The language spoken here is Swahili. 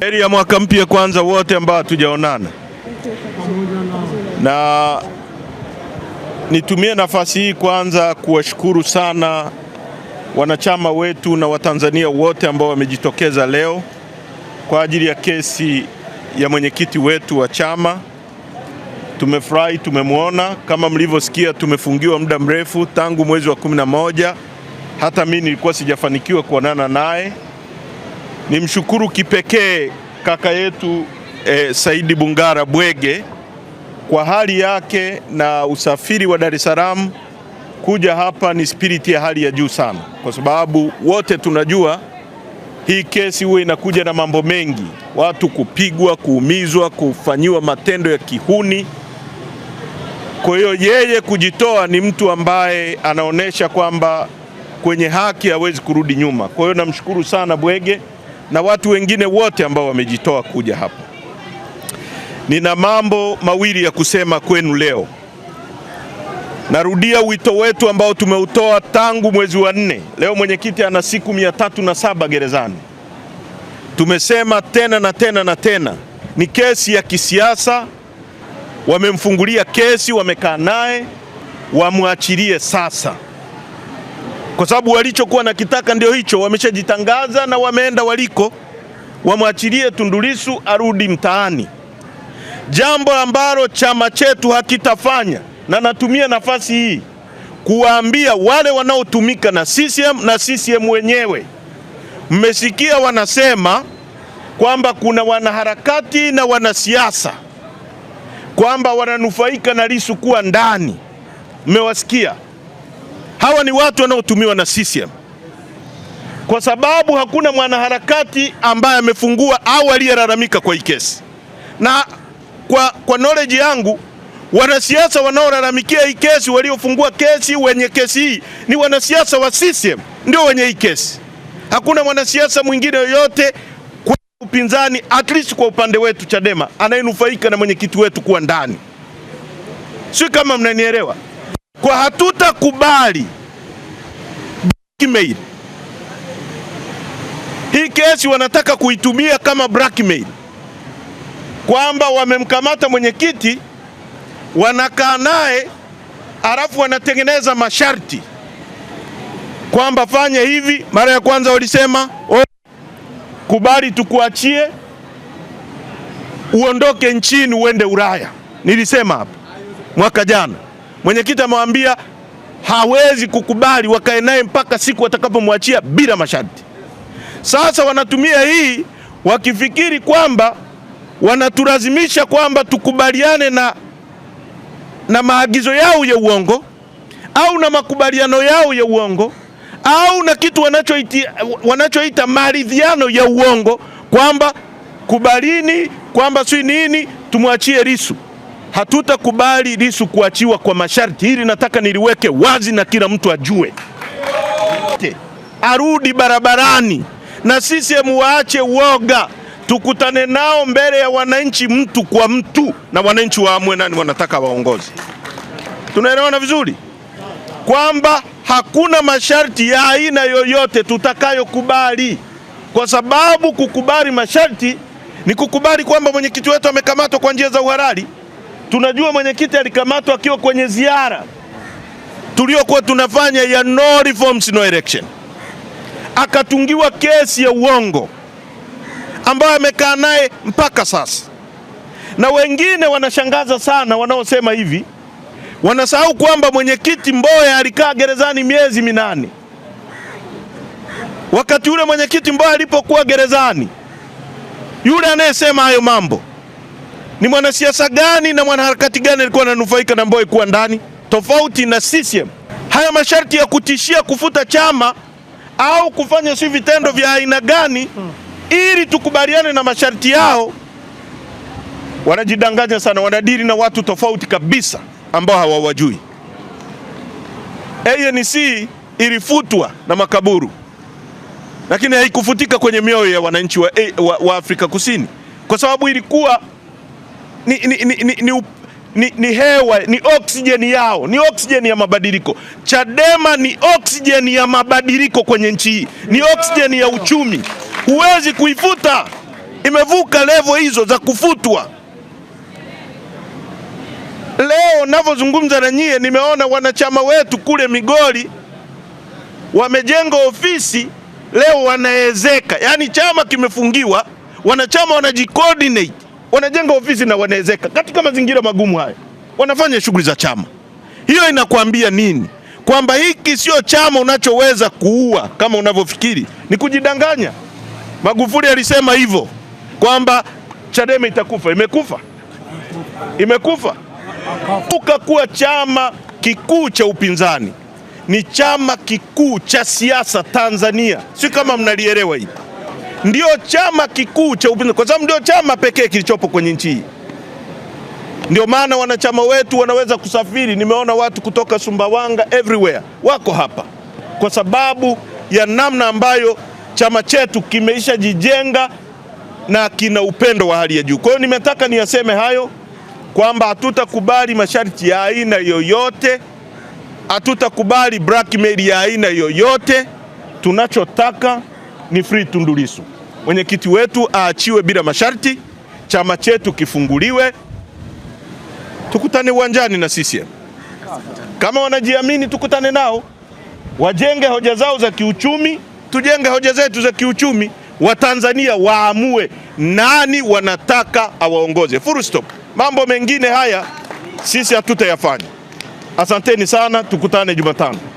Heri ya mwaka mpya kwanza wote ambao hatujaonana, na nitumie nafasi hii kwanza kuwashukuru sana wanachama wetu na Watanzania wote ambao wamejitokeza leo kwa ajili ya kesi ya mwenyekiti wetu wa chama. Tumefurahi, tumemwona. Kama mlivyosikia, tumefungiwa muda mrefu tangu mwezi wa 11, hata mimi nilikuwa sijafanikiwa kuonana naye. Nimshukuru kipekee kaka yetu eh, Saidi Bungara Bwege kwa hali yake na usafiri wa Dar es Salaam kuja hapa ni spiriti ya hali ya juu sana, kwa sababu wote tunajua hii kesi huwa inakuja na mambo mengi, watu kupigwa, kuumizwa, kufanyiwa matendo ya kihuni. Kwa hiyo yeye kujitoa ni mtu ambaye anaonyesha kwamba kwenye haki hawezi kurudi nyuma. Kwa hiyo namshukuru sana Bwege na watu wengine wote ambao wamejitoa kuja hapa. Nina mambo mawili ya kusema kwenu leo. Narudia wito wetu ambao tumeutoa tangu mwezi wa nne. Leo mwenyekiti ana siku mia tatu na saba gerezani. Tumesema tena na tena na tena, ni kesi ya kisiasa. Wamemfungulia kesi, wamekaa naye, wamwachilie sasa kwa sababu walichokuwa na kitaka ndio hicho, wameshajitangaza na wameenda waliko, wamwachilie Tundu Lissu arudi mtaani, jambo ambalo chama chetu hakitafanya, na natumia nafasi hii kuwaambia wale wanaotumika na CCM na CCM wenyewe, mmesikia wanasema kwamba kuna wanaharakati na wanasiasa kwamba wananufaika na Lissu kuwa ndani, mmewasikia. Hawa ni watu wanaotumiwa na CCM kwa sababu hakuna mwanaharakati ambaye amefungua au aliyelalamika kwa hii kesi, na kwa, kwa knowledge yangu wanasiasa wanaolalamikia hii kesi, waliofungua kesi, wenye kesi hii ni wanasiasa wa CCM ndio wenye hii kesi. Hakuna mwanasiasa mwingine yoyote kwa upinzani, at least kwa upande wetu Chadema, anayenufaika na mwenyekiti wetu kuwa ndani, si kama mnanielewa kwa hatutakubali blackmail. Hii kesi wanataka kuitumia kama blackmail, kwamba wamemkamata mwenyekiti, wanakaa naye alafu wanatengeneza masharti kwamba fanya hivi. Mara ya kwanza walisema oh, kubali tukuachie uondoke nchini uende Ulaya. Nilisema hapa mwaka jana. Mwenyekiti amewambia hawezi kukubali wakae naye mpaka siku watakapomwachia bila masharti. Sasa wanatumia hii wakifikiri kwamba wanatulazimisha kwamba tukubaliane na, na maagizo yao ya uongo au na makubaliano yao ya uongo au na kitu wanachoita, wanachoita maridhiano ya uongo kwamba kubalini, kwamba si nini, tumwachie Lissu. Hatutakubali Lissu kuachiwa kwa masharti. Hili nataka niliweke wazi na kila mtu ajue, arudi barabarani na CCM waache uoga, tukutane nao mbele ya wananchi, mtu kwa mtu, na wananchi waamue nani wanataka waongozi. Tunaelewana vizuri kwamba hakuna masharti ya aina yoyote tutakayokubali, kwa sababu kukubali masharti ni kukubali kwamba mwenyekiti wetu amekamatwa kwa njia za uhalali. Tunajua mwenyekiti alikamatwa akiwa kwenye ziara tuliokuwa tunafanya ya no reforms no election, akatungiwa kesi ya uongo ambayo amekaa naye mpaka sasa. Na wengine wanashangaza sana, wanaosema hivi wanasahau kwamba mwenyekiti Mboya alikaa gerezani miezi minane. Wakati ule mwenyekiti Mboya alipokuwa gerezani, yule anayesema hayo mambo ni mwanasiasa gani na mwanaharakati gani alikuwa ananufaika na Mbowe kuwa ndani, tofauti na CCM? Haya masharti ya kutishia kufuta chama au kufanya si vitendo vya aina gani ili tukubaliane na masharti yao? Wanajidanganya sana, wanadiri na watu tofauti kabisa ambao hawawajui. ANC ilifutwa na makaburu, lakini haikufutika kwenye mioyo ya wananchi wa, wa, wa Afrika Kusini kwa sababu ilikuwa ni, ni, ni, ni, ni, ni, ni hewa ni oksijeni yao, ni oksijeni ya mabadiliko. Chadema ni oksijeni ya mabadiliko kwenye nchi hii, ni oksijeni ya uchumi. Huwezi kuifuta, imevuka levo hizo za kufutwa. Leo navyozungumza na nyie, nimeona wanachama wetu kule Migori wamejenga ofisi leo wanaezeka, yaani chama kimefungiwa, wanachama wanajicoordinate wanajenga ofisi na wanaezeka katika mazingira magumu haya, wanafanya shughuli za chama. Hiyo inakuambia nini? Kwamba hiki sio chama unachoweza kuua kama unavyofikiri. Ni kujidanganya. Magufuli alisema hivyo kwamba Chadema itakufa. Imekufa, imekufa. kuwa chama kikuu cha upinzani, ni chama kikuu cha siasa Tanzania. Si kama mnalielewa hivi ndio chama kikuu cha upinzani, kwa sababu ndio chama pekee kilichopo kwenye nchi hii. Ndio maana wanachama wetu wanaweza kusafiri. Nimeona watu kutoka Sumbawanga everywhere wako hapa kwa sababu ya namna ambayo chama chetu kimeishajijenga na kina upendo wa hali ya juu. Kwa hiyo nimetaka niyaseme hayo kwamba hatutakubali masharti ya aina yoyote, hatutakubali blackmail ya aina yoyote. Tunachotaka ni free Tundu Lissu. Mwenyekiti wetu aachiwe bila masharti, chama chetu kifunguliwe, tukutane uwanjani na CCM. Kama wanajiamini, tukutane nao, wajenge hoja zao za kiuchumi, tujenge hoja zetu za kiuchumi. Watanzania waamue nani wanataka awaongoze, full stop. Mambo mengine haya sisi hatutayafanya. Asanteni sana, tukutane Jumatano.